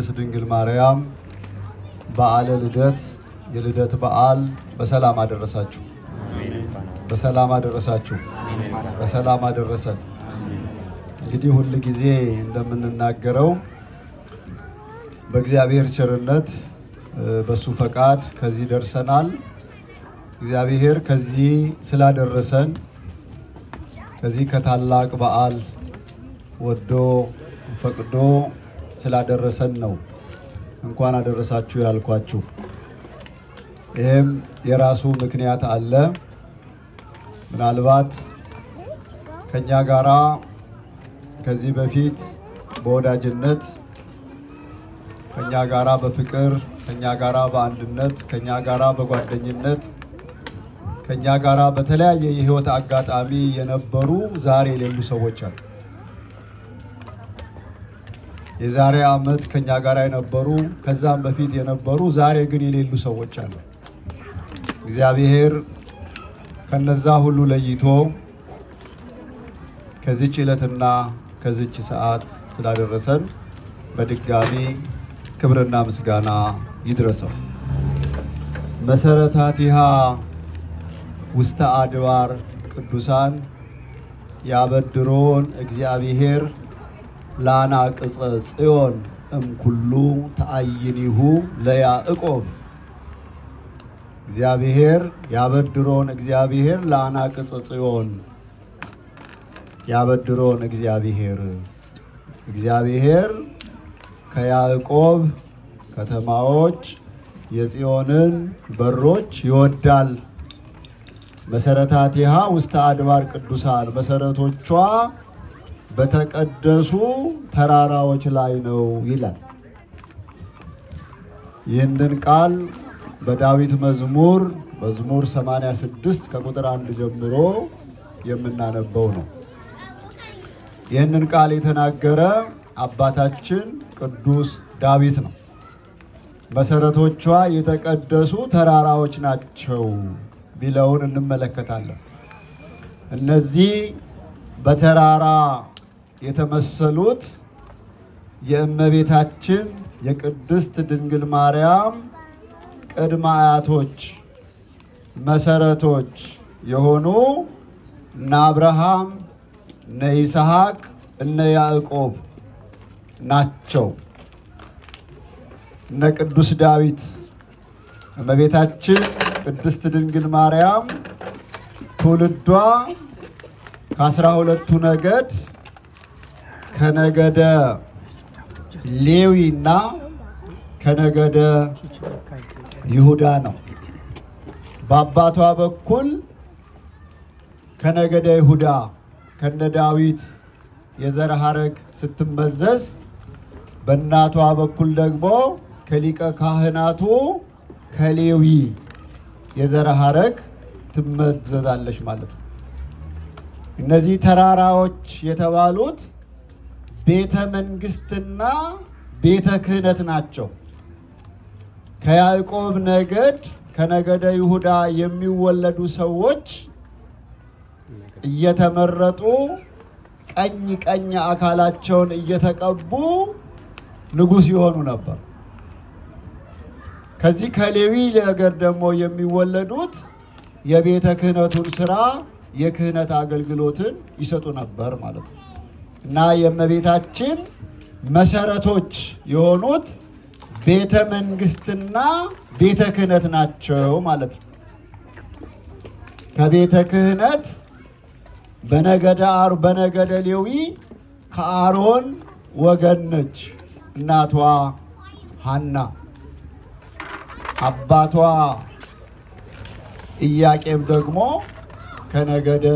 ቅድስት ድንግል ማርያም በዓለ ልደት የልደት በዓል በሰላም አደረሳችሁ፣ በሰላም አደረሳችሁ፣ በሰላም አደረሰን። እንግዲህ ሁል ጊዜ እንደምንናገረው በእግዚአብሔር ቸርነት በሱ ፈቃድ ከዚህ ደርሰናል። እግዚአብሔር ከዚህ ስላደረሰን ከዚህ ከታላቅ በዓል ወዶ ፈቅዶ ስላደረሰን ነው እንኳን አደረሳችሁ ያልኳችሁ። ይህም የራሱ ምክንያት አለ። ምናልባት ከእኛ ጋራ ከዚህ በፊት በወዳጅነት ከእኛ ጋራ በፍቅር ከእኛ ጋራ በአንድነት ከእኛ ጋራ በጓደኝነት ከእኛ ጋራ በተለያየ የህይወት አጋጣሚ የነበሩ ዛሬ የሌሉ ሰዎች አሉ። የዛሬ ዓመት ከኛ ጋር የነበሩ ከዛም በፊት የነበሩ ዛሬ ግን የሌሉ ሰዎች አሉ። እግዚአብሔር ከነዛ ሁሉ ለይቶ ከዚች ዕለትና ከዚች ሰዓት ስላደረሰን በድጋሚ ክብርና ምስጋና ይድረሰው። መሰረታቲሃ ውስተ አድባር ቅዱሳን ያበድሮን እግዚአብሔር ላናቅጸ ጽዮን እምኩሉ ተአይኒሁ ለያዕቆብ እግዚአብሔር ያበድሮን እግዚአብሔር ላናቅጸ ጽዮን ያበድሮን እግዚአብሔር እግዚአብሔር ከያዕቆብ ከተማዎች የጽዮንን በሮች ይወዳል። መሰረታቲሃ ውስተ አድባር ቅዱሳን መሰረቶቿ በተቀደሱ ተራራዎች ላይ ነው ይላል። ይህንን ቃል በዳዊት መዝሙር መዝሙር 86 ከቁጥር አንድ ጀምሮ የምናነበው ነው። ይህንን ቃል የተናገረ አባታችን ቅዱስ ዳዊት ነው። መሰረቶቿ የተቀደሱ ተራራዎች ናቸው ቢለውን እንመለከታለን። እነዚህ በተራራ የተመሰሉት የእመቤታችን የቅድስት ድንግል ማርያም ቅድመ አያቶች መሰረቶች የሆኑ እነ አብርሃም እነ ይስሐቅ እነ ያዕቆብ ናቸው። እነ ቅዱስ ዳዊት እመቤታችን ቅድስት ድንግል ማርያም ትውልዷ ከአስራ ሁለቱ ነገድ ከነገደ ሌዊ እና ከነገደ ይሁዳ ነው። በአባቷ በኩል ከነገደ ይሁዳ ከነ ዳዊት የዘር ሐረግ ስትመዘዝ፣ በእናቷ በኩል ደግሞ ከሊቀ ካህናቱ ከሌዊ የዘር ሐረግ ትመዘዛለች ማለት ነው። እነዚህ ተራራዎች የተባሉት ቤተ መንግስትና ቤተ ክህነት ናቸው። ከያዕቆብ ነገድ ከነገደ ይሁዳ የሚወለዱ ሰዎች እየተመረጡ ቀኝ ቀኝ አካላቸውን እየተቀቡ ንጉሥ ይሆኑ ነበር። ከዚህ ከሌዊ ነገር ደግሞ የሚወለዱት የቤተ ክህነቱን ስራ፣ የክህነት አገልግሎትን ይሰጡ ነበር ማለት ነው። እና የእመቤታችን መሰረቶች የሆኑት ቤተ መንግስትና ቤተ ክህነት ናቸው ማለት ነው። ከቤተ ክህነት በነገደ አር በነገደ ሌዊ ከአሮን ወገን ነች እናቷ ሐና አባቷ ኢያቄም ደግሞ ከነገደ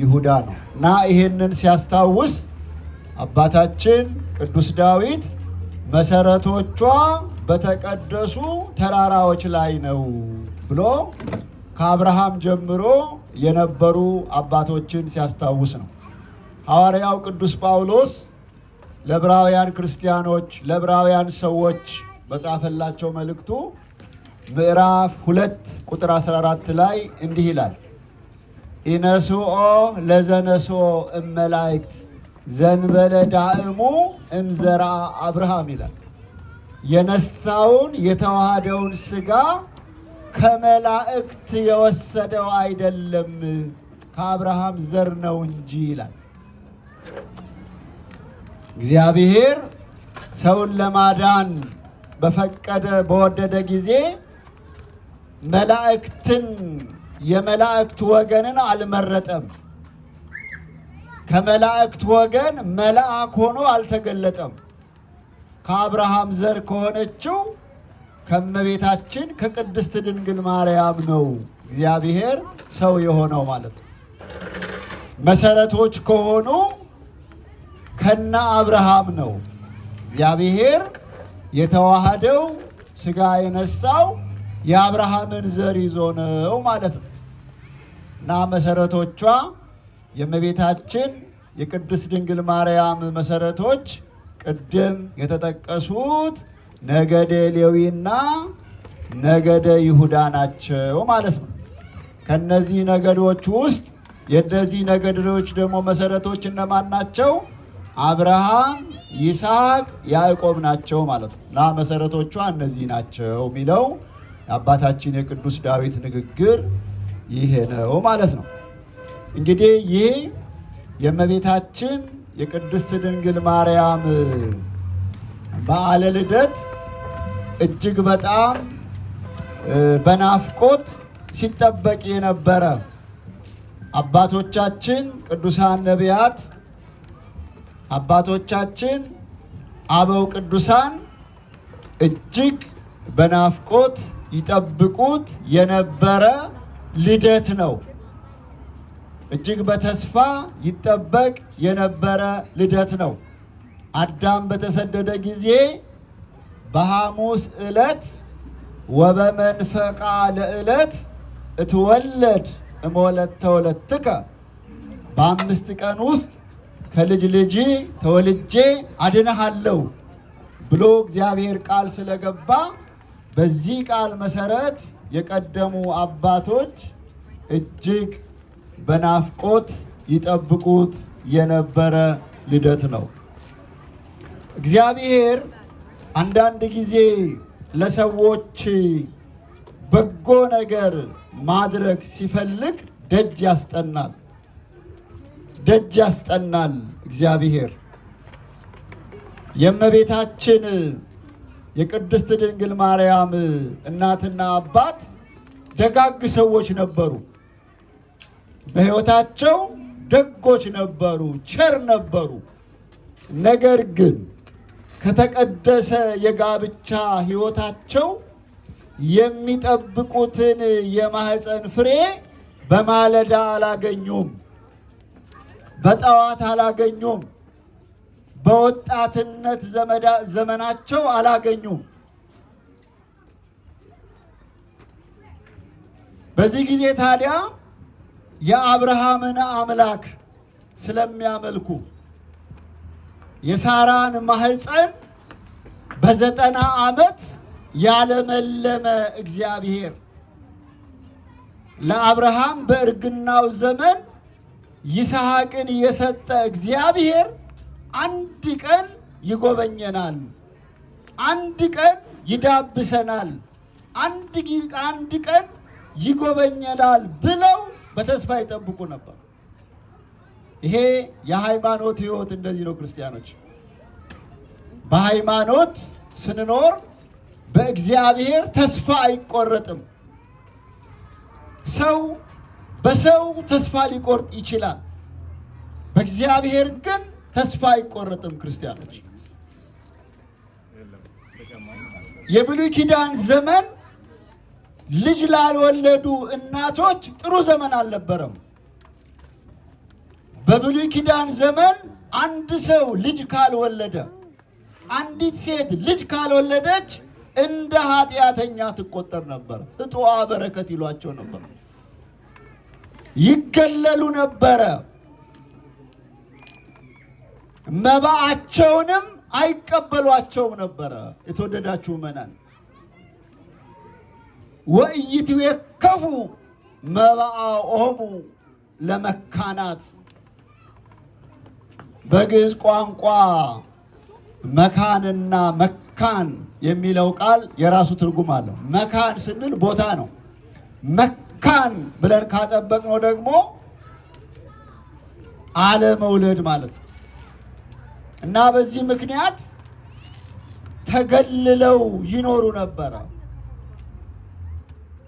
ይሁዳ ነው እና ይሄንን ሲያስታውስ አባታችን ቅዱስ ዳዊት መሰረቶቿ በተቀደሱ ተራራዎች ላይ ነው ብሎ ከአብርሃም ጀምሮ የነበሩ አባቶችን ሲያስታውስ ነው። ሐዋርያው ቅዱስ ጳውሎስ ለዕብራውያን ክርስቲያኖች ለዕብራውያን ሰዎች በጻፈላቸው መልእክቱ ምዕራፍ ሁለት ቁጥር 14 ላይ እንዲህ ይላል ኢነስኦ ለዘነስኦ እመላእክት ዘንበለ ዳእሙ እምዘራ አብርሃም ይላል። የነሳውን የተዋሃደውን ስጋ ከመላእክት የወሰደው አይደለም ከአብርሃም ዘር ነው እንጂ ይላል። እግዚአብሔር ሰውን ለማዳን በፈቀደ በወደደ ጊዜ መላእክትን የመላእክት ወገንን አልመረጠም። ከመላእክት ወገን መልአክ ሆኖ አልተገለጠም። ከአብርሃም ዘር ከሆነችው ከእመቤታችን ከቅድስት ድንግል ማርያም ነው እግዚአብሔር ሰው የሆነው ማለት ነው። መሰረቶች ከሆኑ ከነ አብርሃም ነው እግዚአብሔር የተዋሃደው ስጋ የነሳው የአብርሃምን ዘር ይዞ ነው ማለት ነው እና መሰረቶቿ የእመቤታችን የቅድስት ድንግል ማርያም መሰረቶች ቅድም የተጠቀሱት ነገደ ሌዊና ነገደ ይሁዳ ናቸው ማለት ነው። ከነዚህ ነገዶች ውስጥ የእነዚህ ነገዶች ደግሞ መሰረቶች እነማን ናቸው? አብርሃም፣ ይስሐቅ፣ ያዕቆብ ናቸው ማለት ነው እና መሰረቶቿ እነዚህ ናቸው የሚለው የአባታችን የቅዱስ ዳዊት ንግግር ይሄ ነው ማለት ነው። እንግዲህ ይህ የእመቤታችን የቅድስት ድንግል ማርያም በዓለ ልደት እጅግ በጣም በናፍቆት ሲጠበቅ የነበረ አባቶቻችን ቅዱሳን ነቢያት፣ አባቶቻችን አበው ቅዱሳን እጅግ በናፍቆት ይጠብቁት የነበረ ልደት ነው። እጅግ በተስፋ ይጠበቅ የነበረ ልደት ነው። አዳም በተሰደደ ጊዜ በሐሙስ ዕለት ወበመንፈቃ ለዕለት እትወለድ እመወለድ ተወለድትከ በአምስት ቀን ውስጥ ከልጅ ልጅ ተወልጄ አድንሃለሁ ብሎ እግዚአብሔር ቃል ስለገባ በዚህ ቃል መሰረት የቀደሙ አባቶች እጅግ በናፍቆት ይጠብቁት የነበረ ልደት ነው። እግዚአብሔር አንዳንድ ጊዜ ለሰዎች በጎ ነገር ማድረግ ሲፈልግ ደጅ ያስጠናል። ደጅ ያስጠናል። እግዚአብሔር የእመቤታችን የቅድስት ድንግል ማርያም እናትና አባት ደጋግ ሰዎች ነበሩ። በሕይወታቸው ደጎች ነበሩ፣ ቸር ነበሩ። ነገር ግን ከተቀደሰ የጋብቻ ሕይወታቸው የሚጠብቁትን የማህፀን ፍሬ በማለዳ አላገኙም፣ በጠዋት አላገኙም፣ በወጣትነት ዘመናቸው አላገኙም። በዚህ ጊዜ ታዲያ የአብርሃምን አምላክ ስለሚያመልኩ የሳራን ማህፀን በዘጠና ዓመት ያለመለመ እግዚአብሔር ለአብርሃም በእርግናው ዘመን ይስሐቅን የሰጠ እግዚአብሔር አንድ ቀን ይጎበኘናል፣ አንድ ቀን ይዳብሰናል፣ አንድ ቀን ይጎበኘናል ብለው በተስፋ ይጠብቁ ነበር። ይሄ የሃይማኖት ህይወት እንደዚህ ነው። ክርስቲያኖች በሃይማኖት ስንኖር በእግዚአብሔር ተስፋ አይቆረጥም። ሰው በሰው ተስፋ ሊቆርጥ ይችላል። በእግዚአብሔር ግን ተስፋ አይቆረጥም። ክርስቲያኖች የብሉይ ኪዳን ዘመን ልጅ ላልወለዱ እናቶች ጥሩ ዘመን አልነበረም። በብሉይ ኪዳን ዘመን አንድ ሰው ልጅ ካልወለደ፣ አንዲት ሴት ልጅ ካልወለደች እንደ ኃጢአተኛ ትቆጠር ነበር። እጥዋ በረከት ይሏቸው ነበር። ይገለሉ ነበረ። መባአቸውንም አይቀበሏቸውም ነበረ። የተወደዳችሁ መናን ወኢይትዌከፉ መባኦሙ ለመካናት በግዕዝ ቋንቋ መካንና መካን የሚለው ቃል የራሱ ትርጉም አለው። መካን ስንል ቦታ ነው። መካን ብለን ካጠበቅነው ደግሞ አለመውለድ ማለት ነው እና በዚህ ምክንያት ተገልለው ይኖሩ ነበረ።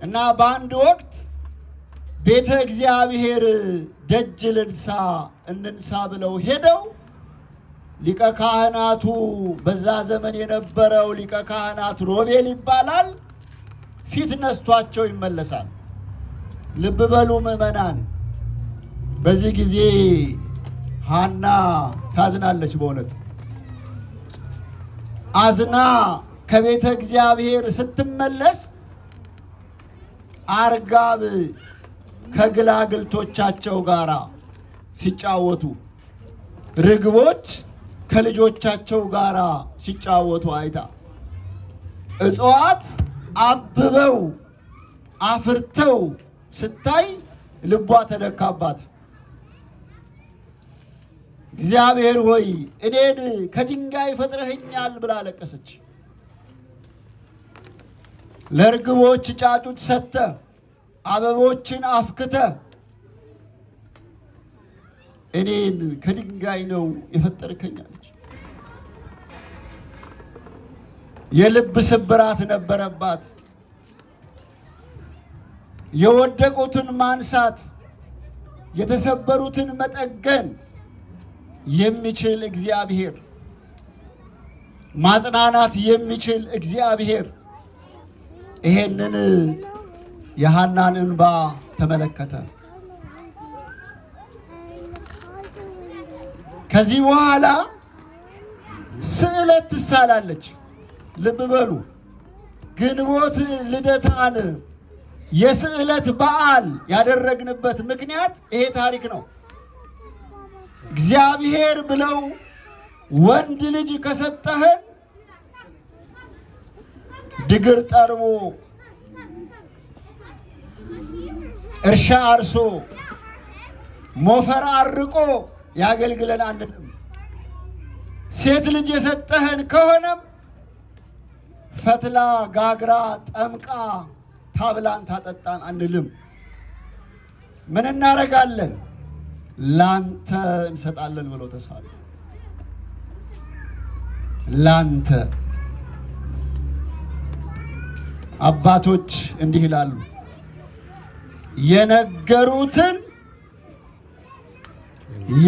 እና በአንድ ወቅት ቤተ እግዚአብሔር ደጅ ልንሳ እንንሳ ብለው ሄደው ሊቀ ካህናቱ በዛ ዘመን የነበረው ሊቀ ካህናት ሮቤል ይባላል። ፊት ነስቷቸው ይመለሳል። ልብ በሉ ምእመናን በዚህ ጊዜ ሐና ታዝናለች። በእውነት አዝና ከቤተ እግዚአብሔር ስትመለስ አርጋብ ከግላግልቶቻቸው ጋር ሲጫወቱ፣ ርግቦች ከልጆቻቸው ጋር ሲጫወቱ አይታ እጽዋት አብበው አፍርተው ስታይ ልቧ ተደካባት። እግዚአብሔር ሆይ እኔን ከድንጋይ ፈጥረህኛል ብላ አለቀሰች። ለርግቦች ጫጩት ሰጥተ አበቦችን አፍክተ እኔን ከድንጋይ ነው የፈጠርከኛለች። የልብ ስብራት ነበረባት። የወደቁትን ማንሳት፣ የተሰበሩትን መጠገን የሚችል እግዚአብሔር፣ ማጽናናት የሚችል እግዚአብሔር ይሄንን የሐናን እንባ ተመለከተ። ከዚህ በኋላ ስዕለት ትሳላለች። ልብ በሉ ግንቦት ልደታን የስዕለት በዓል ያደረግንበት ምክንያት ይሄ ታሪክ ነው። እግዚአብሔር ብለው ወንድ ልጅ ከሰጠህን ድግር ጠርቦ እርሻ አርሶ ሞፈር አርቆ ያገልግለን አንልም። ሴት ልጅ የሰጠህን ከሆነም ፈትላ ጋግራ ጠምቃ ታብላን ታጠጣን አንልም። ምን እናደርጋለን? ላንተ እንሰጣለን ብለው ተሳሉ። ላንተ አባቶች እንዲህ ይላሉ፣ የነገሩትን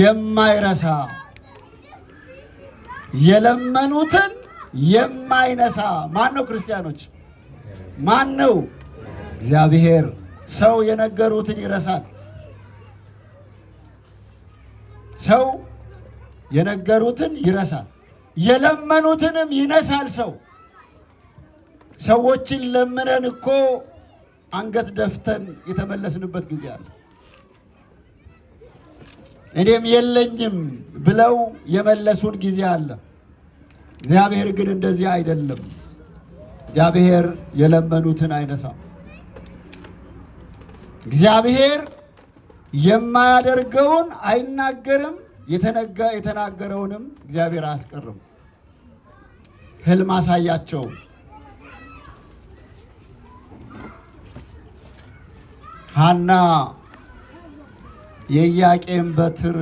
የማይረሳ የለመኑትን የማይነሳ ማን ነው? ክርስቲያኖች፣ ማን ነው? እግዚአብሔር። ሰው የነገሩትን ይረሳል። ሰው የነገሩትን ይረሳል፣ የለመኑትንም ይነሳል ሰው ሰዎችን ለምነን እኮ አንገት ደፍተን የተመለስንበት ጊዜ አለ። እኔም የለኝም ብለው የመለሱን ጊዜ አለ። እግዚአብሔር ግን እንደዚህ አይደለም። እግዚአብሔር የለመኑትን አይነሳም። እግዚአብሔር የማያደርገውን አይናገርም፣ የተናገረውንም እግዚአብሔር አያስቀርም። ህልም አሳያቸው። ሐና የኢያቄም በትር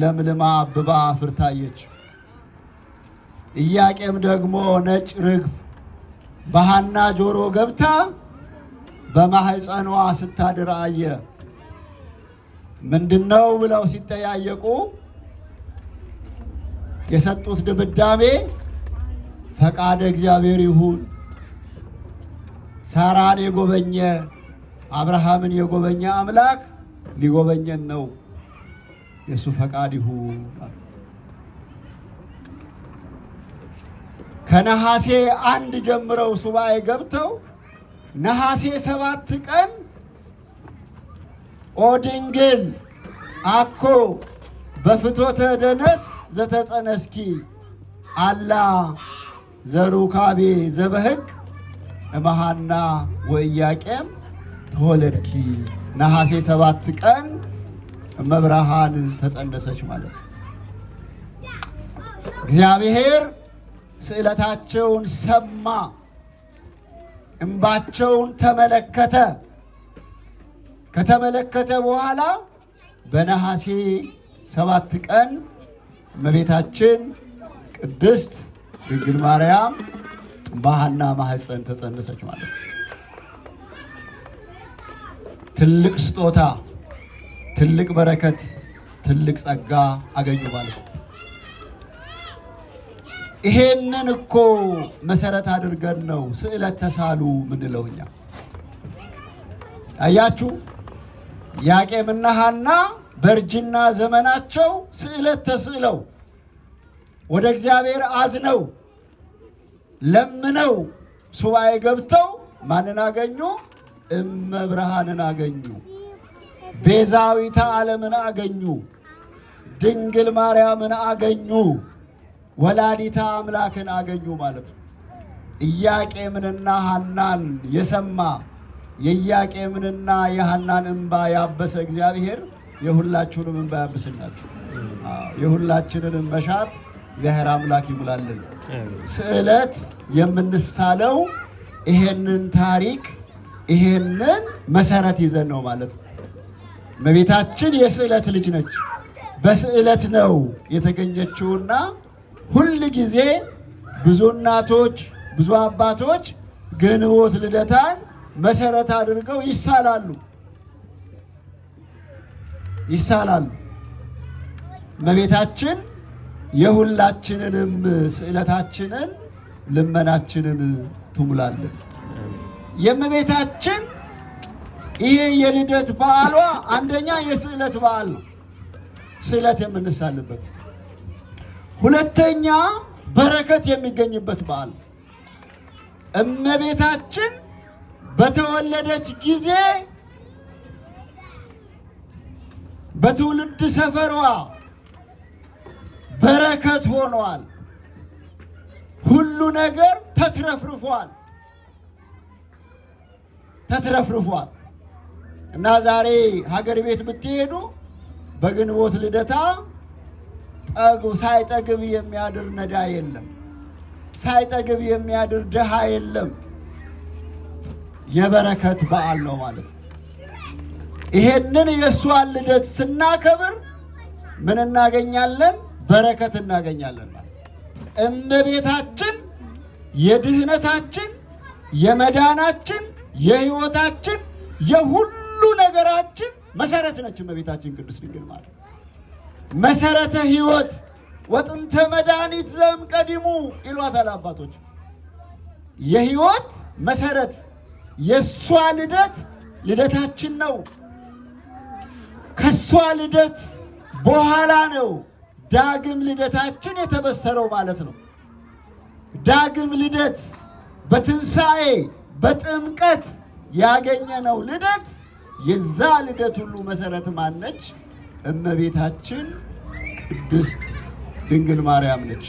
ለምልማ አብባ አፍርታየች። ኢያቄም ደግሞ ነጭ ርግብ በሐና ጆሮ ገብታ በማህፀኗ ስታድር አየ። ምንድነው ብለው ሲጠያየቁ የሰጡት ድምዳሜ ፈቃደ እግዚአብሔር ይሁን፣ ሳራን የጎበኘ አብርሃምን የጎበኘ አምላክ ሊጎበኘን ነው። የእሱ ፈቃድ ይሁን። ከነሐሴ አንድ ጀምረው ሱባኤ ገብተው ነሐሴ ሰባት ቀን ኦድንግል አኮ በፍቶተ ደነስ ዘተጸነስኪ አላ ዘሩካቤ ዘበህግ እመሃና ወእያቄም ተወለድኪ ነሐሴ ሰባት ቀን እመብርሃን ተጸነሰች ማለት ነው። እግዚአብሔር ስዕለታቸውን ሰማ፣ እንባቸውን ተመለከተ። ከተመለከተ በኋላ በነሐሴ ሰባት ቀን እመቤታችን ቅድስት ድንግል ማርያም ባህና ማህፀን ተጸነሰች ማለት ነው። ትልቅ ስጦታ፣ ትልቅ በረከት፣ ትልቅ ጸጋ አገኙ ማለት ነው። ይሄንን እኮ መሰረት አድርገን ነው ስዕለት ተሳሉ ምንለው እኛ። አያችሁ ያቄምና ሐና በእርጅና ዘመናቸው ስዕለት ተስዕለው ወደ እግዚአብሔር አዝነው ለምነው ሱባኤ ገብተው ማንን አገኙ? እመብርሃንን አገኙ፣ ቤዛዊተ ዓለምን አገኙ፣ ድንግል ማርያምን አገኙ፣ ወላዲታ አምላክን አገኙ ማለት ነው። ኢያቄምንና ሐናን የሰማ የኢያቄምንና የሐናን እንባ ያበሰ እግዚአብሔር የሁላችሁንም እንባ ያብስላችሁ። የሁላችንንም መሻት እግዚአብሔር አምላክ ይሙላልን። ስዕለት የምንሳለው ይሄንን ታሪክ ይሄንን መሰረት ይዘን ነው ማለት ነው። እመቤታችን የስዕለት ልጅ ነች። በስዕለት ነው የተገኘችውና ሁል ጊዜ ብዙ እናቶች ብዙ አባቶች ግንቦት ልደታን መሰረት አድርገው ይሳላሉ ይሳላሉ። እመቤታችን የሁላችንንም ስዕለታችንን ልመናችንን ትሙላለን። የእመቤታችን ይሄ የልደት በዓሏ አንደኛ የስዕለት በዓል ነው፣ ስዕለት የምንሳልበት። ሁለተኛ በረከት የሚገኝበት በዓል። እመቤታችን በተወለደች ጊዜ በትውልድ ሰፈሯ በረከት ሆኗል። ሁሉ ነገር ተትረፍርፏል። ተትረፍርፏል እና ዛሬ ሀገር ቤት ብትሄዱ በግንቦት ልደታ ጠግብ ሳይጠግብ የሚያድር ነዳ የለም፣ ሳይጠግብ የሚያድር ድሃ የለም። የበረከት በዓል ነው ማለት ነው። ይሄንን የእሷን ልደት ስናከብር ምን እናገኛለን? በረከት እናገኛለን ማለት ነው። እመቤታችን የድህነታችን የመዳናችን የህይወታችን የሁሉ ነገራችን መሰረት ነች እመቤታችን ቅዱስ ድንግል ማለት መሰረተ ህይወት ወጥንተ መድኃኒት ዘም ቀዲሙ ይሏታል አባቶች። የህይወት መሰረት የእሷ ልደት ልደታችን ነው። ከእሷ ልደት በኋላ ነው ዳግም ልደታችን የተበሰረው ማለት ነው። ዳግም ልደት በትንሣኤ በጥምቀት ያገኘነው ልደት የዛ ልደት ሁሉ መሰረት ማነች? እመቤታችን ቅድስት ድንግል ማርያም ነች።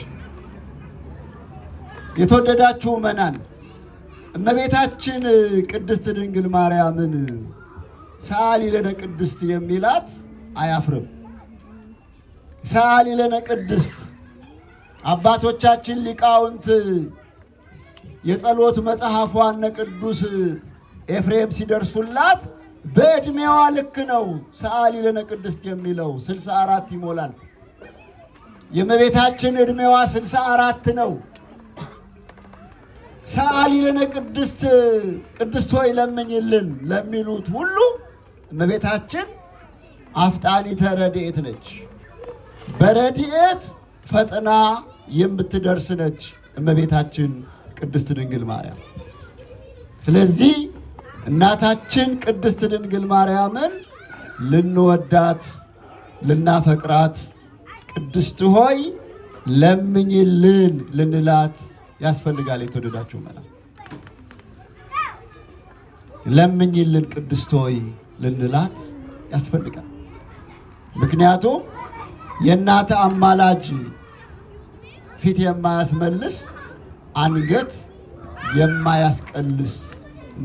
የተወደዳችሁ መናን እመቤታችን ቅድስት ድንግል ማርያምን ሰአሊ ለነ ቅድስት የሚላት አያፍርም። ሰአሊ ለነ ቅድስት አባቶቻችን ሊቃውንት የጸሎት መጽሐፏን ቅዱስ ኤፍሬም ሲደርሱላት በዕድሜዋ ልክ ነው ሰዓሊ ለነ ቅድስት የሚለው 64 ይሞላል። የእመቤታችን ዕድሜዋ 64 ነው። ሰዓሊ ለነ ቅድስት ቅድስት ሆይ ለምኝልን ለሚሉት ሁሉ እመቤታችን አፍጣኒተ ረድኤት ነች። በረድኤት ፈጥና የምትደርስ ነች እመቤታችን ቅድስት ድንግል ማርያም። ስለዚህ እናታችን ቅድስት ድንግል ማርያምን ልንወዳት ልናፈቅራት ቅድስት ሆይ ለምኝልን ልንላት ያስፈልጋል። የተወደዳችሁ መላ ለምኝልን ቅድስት ሆይ ልንላት ያስፈልጋል። ምክንያቱም የእናተ አማላጅ ፊት የማያስመልስ አንገት የማያስቀልስ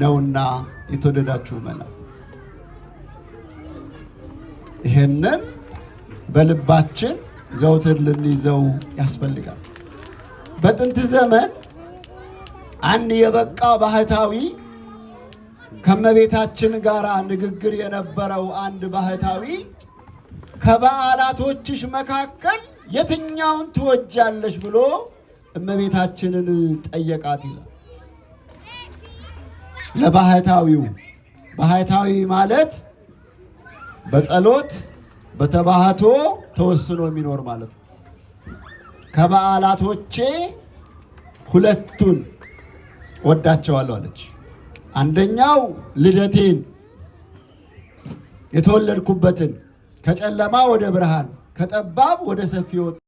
ነውና የተወደዳችሁ መና ይህንን በልባችን ዘውትር ልንይዘው ያስፈልጋል። በጥንት ዘመን አንድ የበቃ ባህታዊ ከመቤታችን ጋር ንግግር የነበረው አንድ ባህታዊ ከበዓላቶችሽ መካከል የትኛውን ትወጃለሽ ብሎ እመቤታችንን ጠየቃት ይላል። ለባህታዊው ባህታዊ ማለት በጸሎት በተባህቶ ተወስኖ የሚኖር ማለት ነው። ከበዓላቶቼ ሁለቱን ወዳቸዋለሁ አለች። አንደኛው ልደቴን የተወለድኩበትን ከጨለማ ወደ ብርሃን ከጠባብ ወደ ሰፊ